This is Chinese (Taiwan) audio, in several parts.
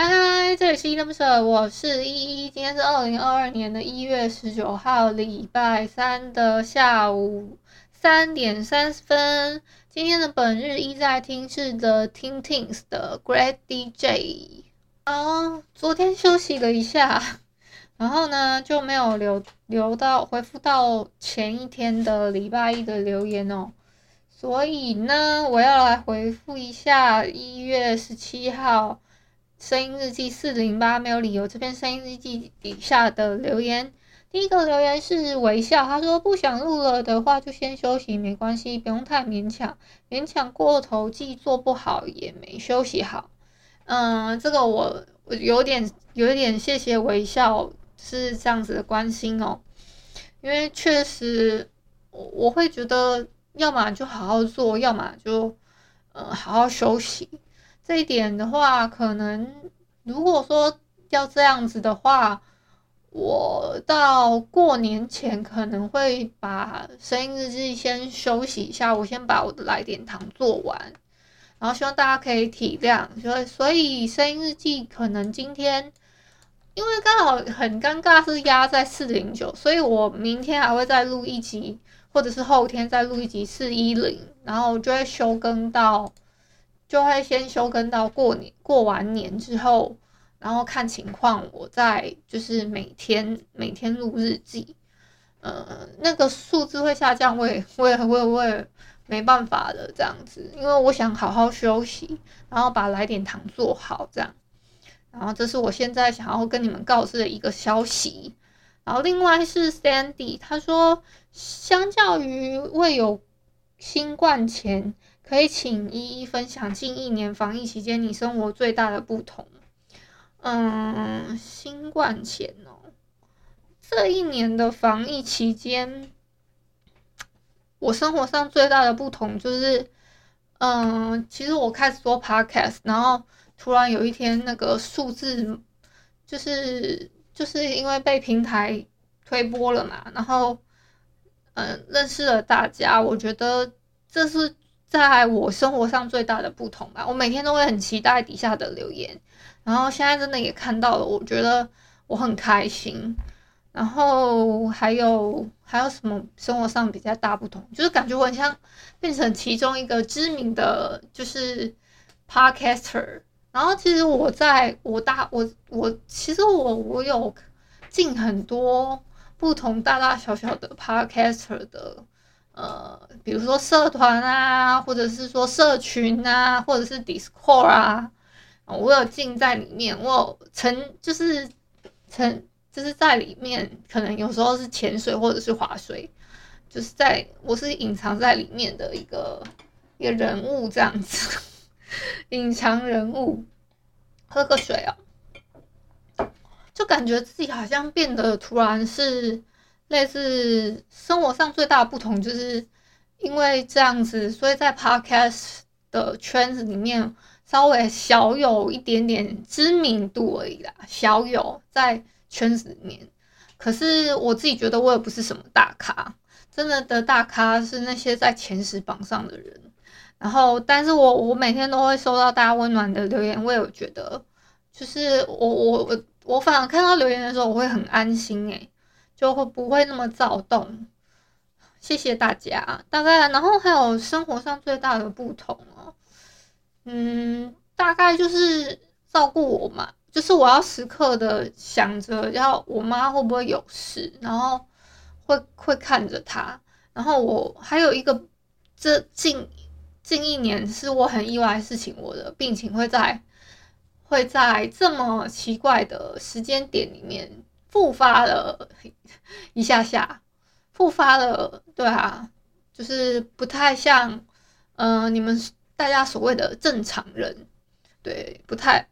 嗨，這裡是依依戀不捨，我是依依。今天是二零二二年的一月十九號，禮拜三的下午三點三十分。今天的本日依在聽是 The Ting Tings 的 Great DJ。哦，oh，昨天休息了一下，然後呢就沒有留留到回復到前一天的禮拜一的留言哦。所以呢，我要來回復一下一月十七號。聲音日記四零八，沒有理由，這篇聲音日記底下的留言，第一個留言是微笑，他說，不想錄了的話就先休息，沒關係，不用太勉強，勉強過頭既做不好也沒休息好。嗯，這個我有點有一點謝謝微笑是這樣子的關心哦，因為確實我我會覺得，要麼就好好做，要麼就嗯好好休息。這一點的話，可能如果說要這樣子的話，我到過年前可能會把聲音日記先休息一下，我先把我的來點糖做完，然後希望大家可以體諒，所以所以聲音日記可能今天因為剛好很尷尬是壓在四零九，所以我明天還會再錄一集，或者是後天再錄一集四一零，然後就會休更到。就會先休更到過年，過完年之後，然後看情況，我再就是每天每天錄日記。呃，那個數字會下降，我也我也我也，我也沒辦法的這樣子，因為我想好好休息，然後把來點糖做好這樣。然後這是我現在想要跟你們告知的一個消息。然後另外是 Sandy，他說，相較於未有新冠前。可以請依依分享近一年防疫期間你生活最大的不同？嗯，新冠前哦，這一年的防疫期間，我生活上最大的不同就是，嗯，其實我開始做 podcast，然後突然有一天那個數字就是就是因為被平台推播了嘛，然後嗯認識了大家，我覺得這是在我生活上最大的不同吧，我每天都會很期待底下的留言，然後現在真的也看到了，我覺得我很開心。然後還有還有什麼生活上比較大不同，就是感覺我很像變成其中一個知名的就是 podcaster。然後其實我在我大我我其實我我有進很多不同大大小小的 podcaster 的。呃，比如說社團啊，或者是說社群啊，或者是 Discord 啊，哦、我有進在裡面。我有曾，就是曾，就是在裡面，可能有時候是潛水或者是划水，就是在我是隱藏在裡面的一個一個人物這樣子，隱藏人物。喝個水哦，就感覺自己好像變得突然是。類似生活上最大的不同，就是因為這樣子，所以在 podcast 的圈子裡面稍微小有一點點知名度而已啦，小有在圈子裡面。可是我自己覺得我也不是什麼大咖，真的的大咖是那些在前十榜上的人。然後，但是我我每天都會收到大家溫暖的留言，我也覺得，就是我我我我反而看到留言的時候，我會很安心誒、欸。就會不會那麼躁動？謝謝大家。大概、啊，然後還有生活上最大的不同哦、啊，嗯，大概就是照顧我嘛，就是我要時刻的想着要我媽會不會有事，然後會會看着她。然後我還有一個，這近近一年是我很意外的事情，我的病情會在會在這麼奇怪的時間點裡面，復發了一下下，復發了，對啊，就是不太像，嗯、呃，你們大家所謂的正常人，對，不太，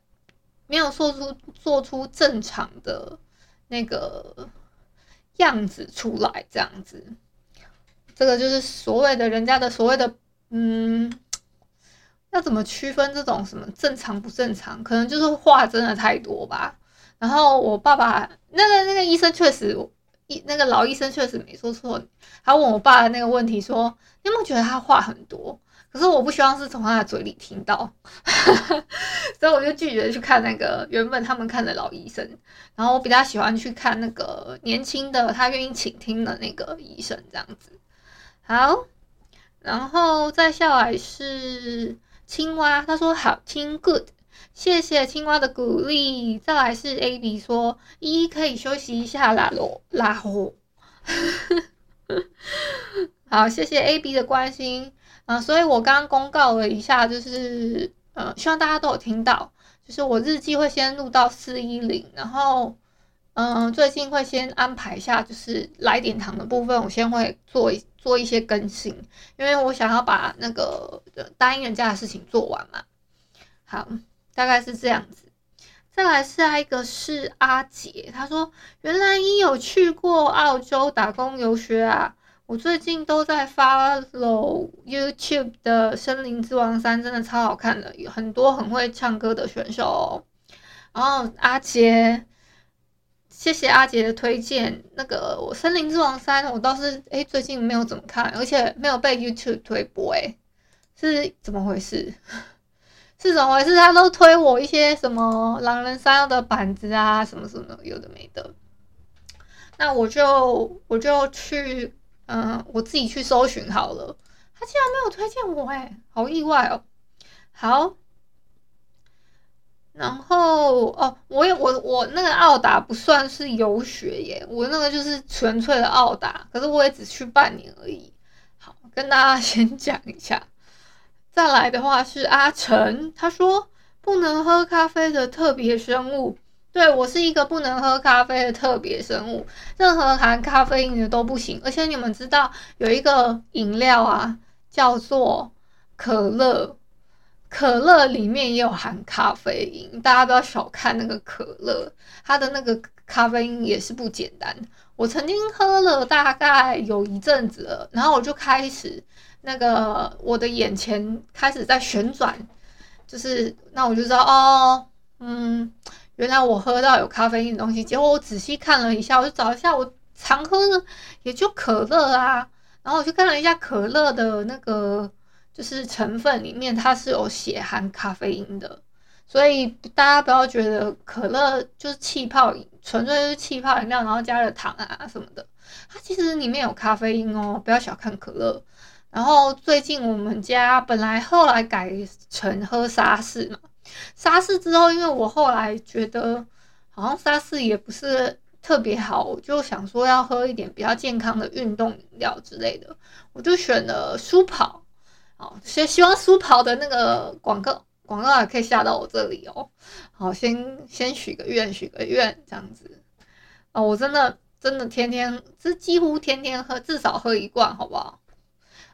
沒有做出做出正常的那個樣子出來，這樣子，這個就是所謂的人家的所謂的，嗯，要怎麼區分這種什麼正常不正常？可能就是話真的太多吧。然後我爸爸那個那個醫生確實，一那個老醫生確實沒說錯，他問我爸的那個問題說，說你有沒有覺得他話很多？可是我不希望是從他的嘴裡聽到，哈哈。所以我就拒絕去看那個原本他們看的老醫生，然後我比較喜歡去看那個年輕的，他願意傾聽的那個醫生這樣子。好，然後再下來是青蛙，他說好聽 good。謝謝青蛙的鼓勵。再來是 A B 說，一,一可以休息一下啦嘍啦吼。 好，謝謝 A B 的關心啊。所以我剛剛公告了一下，就是呃，希望大家都有聽到，就是我日記會先錄到四一零，然後嗯、呃，最近會先安排一下，就是來點糖的部分，我先會做一做一些更新，因為我想要把那個、呃、答應人家的事情做完嘛。好。大概是這樣子，再來是還有一個，是阿傑。他說：“原來你有去過澳洲打工遊學啊？我最近都在 follow YouTube 的《森林之王三》，真的超好看的，有很多很會唱歌的選手哦。然後阿傑，謝謝阿傑的推薦。那個我《森林之王三》，我倒是哎，最近沒有怎麼看，而且沒有被 YouTube 推播，哎，是怎麼回事？”是怎麼回事？他都推我一些什麼狼人殺的板子啊，什麼什麼的有的沒的。那我就我就去，嗯，我自己去搜尋好了。他竟然沒有推薦我，哎，好意外哦。好，然後哦，我也我我那個澳打不算是遊學耶，我那個就是純粹的澳打。可是我也只去半年而已。好，跟大家先講一下。再來的話是阿成，他說不能喝咖啡的特別生物，對，我是一個不能喝咖啡的特別生物，任何含咖啡因的都不行。而且你們知道有一個飲料啊，叫做可樂，可樂裡面也有含咖啡因，大家不要小看那個可樂，它的那個。咖啡因也是不簡單。我曾經喝了大概有一陣子了，然後我就開始那個我的眼前開始在旋轉，就是那我就知道哦，嗯，原來我喝到有咖啡因的東西。結果我仔細看了一下，我就找一下我常喝的，也就可樂啊。然後我就看了一下可樂的那個就是成分裡面，它是有寫含咖啡因的。所以大家不要覺得可樂就是氣泡，純粹就是氣泡飲料，然後加了糖啊什麼的，它、啊、其實裡面有咖啡因哦，不要小看可樂。然後最近我們家本來後來改成喝沙士嘛，沙士之後，因為我後來覺得好像沙士也不是特別好，我就想說要喝一點比較健康的運動飲料之類的，我就選了舒跑，好、哦，希望舒跑的那個廣告。廣告也可以下到我這裡哦。好，先先許個願，許個願這樣子哦，我真的真的天天，這幾乎天天喝，至少喝一罐，好不好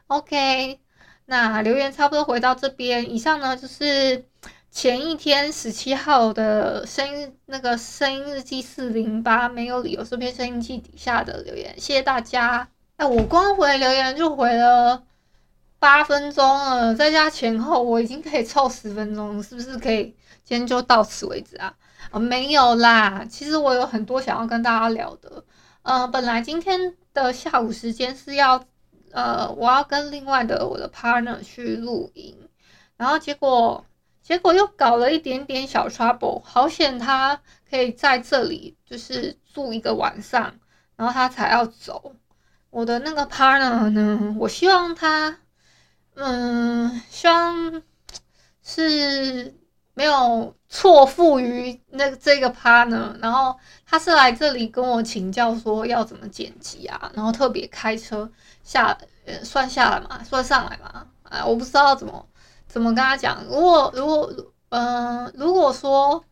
？OK，那留言差不多回到這邊。以上呢就是前一天十七號的聲音那個聲音日記四零八沒有理由這篇聲音日記底下的留言，謝謝大家。那、欸、我光回留言就回了。八分鐘了，再加前後我已經可以湊十分鐘，是不是可以？今天就到此為止啊？啊、呃，沒有啦，其實我有很多想要跟大家聊的。呃，本來今天的下午時間是要，呃，我要跟另外的我的 partner 去露營，然後結果結果又搞了一點點小 trouble，好險他可以在這裡就是住一個晚上，然後他才要走。我的那個 partner 呢，我希望他。嗯，希望是沒有錯付於那個這個 partner。然後他是來這裡跟我請教說要怎麼剪輯啊，然後特別開車下算下來嘛，算上來嘛，啊我不知道怎麼怎麼跟他講。如果如果嗯、呃，如果說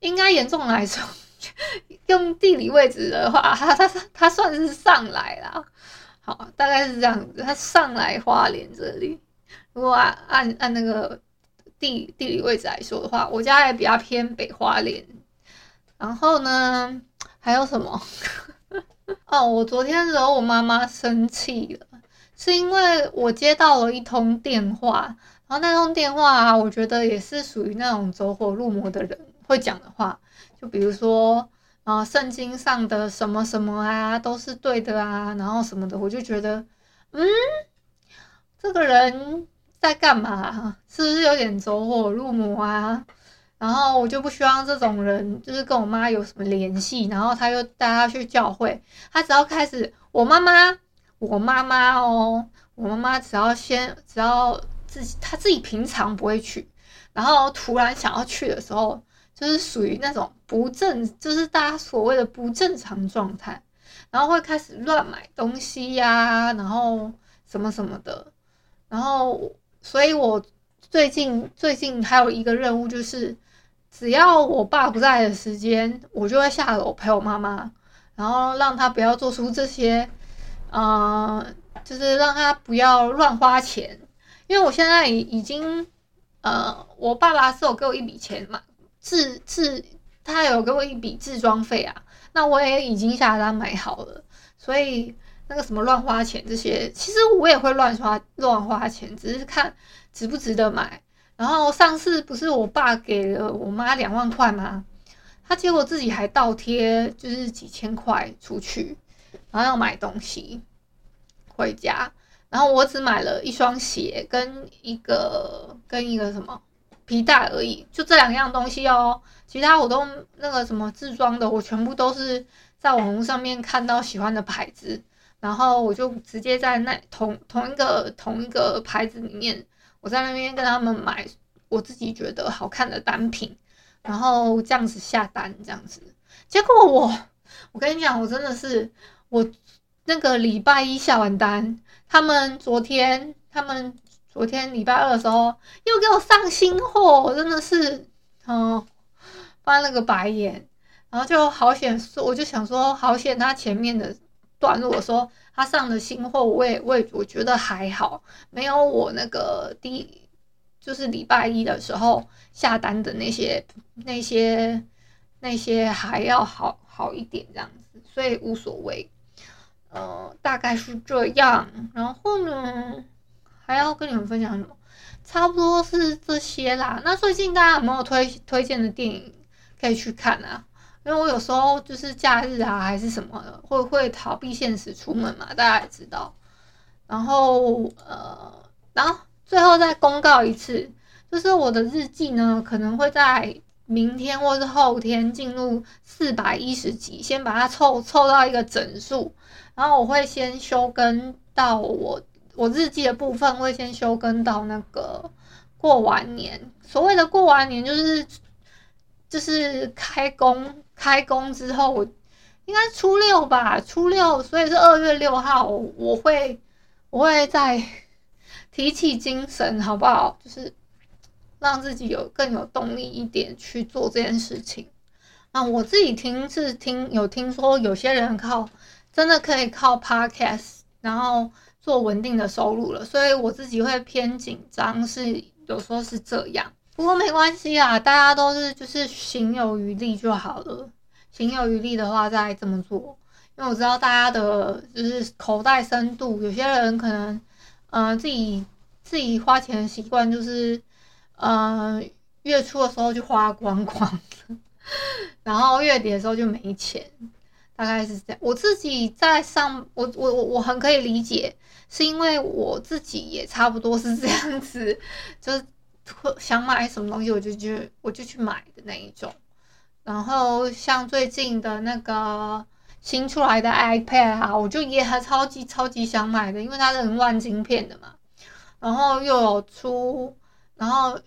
應該嚴重來說， 用地理位置的話，他他他算是上來啦。好，大概是這樣子。他上來花蓮這裡，如果按按按那個地地理位置來說的話，我家也比較偏北花蓮。然後呢，還有什麼？ 哦，我昨天惹我媽媽生氣了，是因為我接到了一通電話。然後那通電話啊，我覺得也是屬於那種走火入魔的人會講的話，就比如說。啊，聖經上的什麼什麼啊都是對的啊，然後什麼的，我就覺得，嗯，這個人在幹嘛？是不是有點走火入魔啊？然後我就不希望這種人就是跟我媽有什麼聯繫，然後她又帶她去教會，她只要開始，我媽媽，我媽媽哦，我媽媽只要先只要自己，她自己平常不會去，然後突然想要去的時候。就是屬於那種不正，就是大家所謂的不正常狀態，然後會開始亂買東西呀、啊，然後什麼什麼的，然後所以，我最近最近還有一個任務就是，只要我爸不在的時間，我就會下樓陪我媽媽，然後讓她不要做出這些，呃，就是讓她不要亂花錢，因為我現在已經，呃，我爸爸是有給我一筆錢嘛。治治，他有給我一筆治裝費啊，那我也已經下單買好了，所以那個什麼亂花錢這些，其實我也會亂刷亂花錢，只是看值不值得買。然後上次不是我爸給了我媽兩萬塊嗎？他結果自己還倒貼就是幾千塊出去，然後要買東西回家，然後我只買了一雙鞋跟一個跟一個什麼。皮帶而已，就這兩樣東西哦。其他我都那個什麼自裝的，我全部都是在網紅上面看到喜歡的牌子，然後我就直接在那同同一個同一個牌子裡面，我在那邊跟他們買我自己覺得好看的單品，然後這樣子下單，這樣子。結果我，我跟你講，我真的是我那個禮拜一下完單，他們昨天他們。昨天禮拜二的時候又給我上新貨，真的是嗯翻了個白眼，然後就好險說，我就想說好險他前面的段落的，我說他上了新貨，我也我也我覺得還好，沒有我那個第就是禮拜一的時候下單的那些那些那些還要好好一點這樣子，所以無所謂，嗯大概是這樣，然後呢？還要跟你們分享什麼？差不多是這些啦。那最近大家有沒有推推薦的電影可以去看啊？因為我有時候就是假日啊，還是什麼的，會會逃避現實出門嘛，大家也知道。然後呃，然後最後再公告一次，就是我的日記呢，可能會在明天或是後天進入四百一十集，先把它湊湊到一個整數。然後我會先休更到我。我日記的部分會先休更到那個過完年，所謂的過完年就是就是開工開工之後，應該初六吧，初六，所以是二月六號，我會我會再提起精神，好不好？就是讓自己有更有動力一點去做這件事情。啊，我自己聽是聽有聽說有些人靠真的可以靠 podcast，然後。做穩定的收入了，所以我自己會偏緊張，是有時候是這樣。不過沒關係啊，大家都是就是行有餘力就好了。行有餘力的話再這麼做，因為我知道大家的就是口袋深度，有些人可能嗯、呃、自己自己花錢的習慣就是嗯、呃、月初的時候就花光光了，然後月底的時候就沒錢。大概是這樣，我自己在上我我我我很可以理解，是因為我自己也差不多是這樣子，就是想買什麼東西我就去我就去買的那一種。然後像最近的那個新出來的 iPad 啊，我就也還超級超級想買的，因為它是 M1 晶片的嘛，然後又有出，然後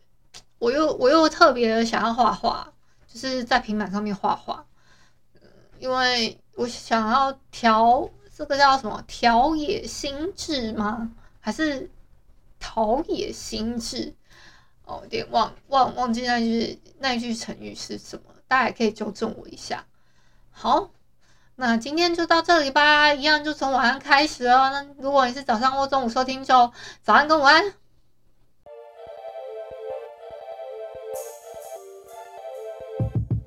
我又我又特別想要畫畫，就是在平板上面畫畫。因為我想要調，這個叫什麼？調冶心智嗎？還是陶冶心智？哦，有點忘忘忘記那句那句成語是什麼？大家也可以糾正我一下。好，那今天就到這裡吧。一樣就從晚安開始哦。那如果你是早上或中午收聽就，早安跟午安。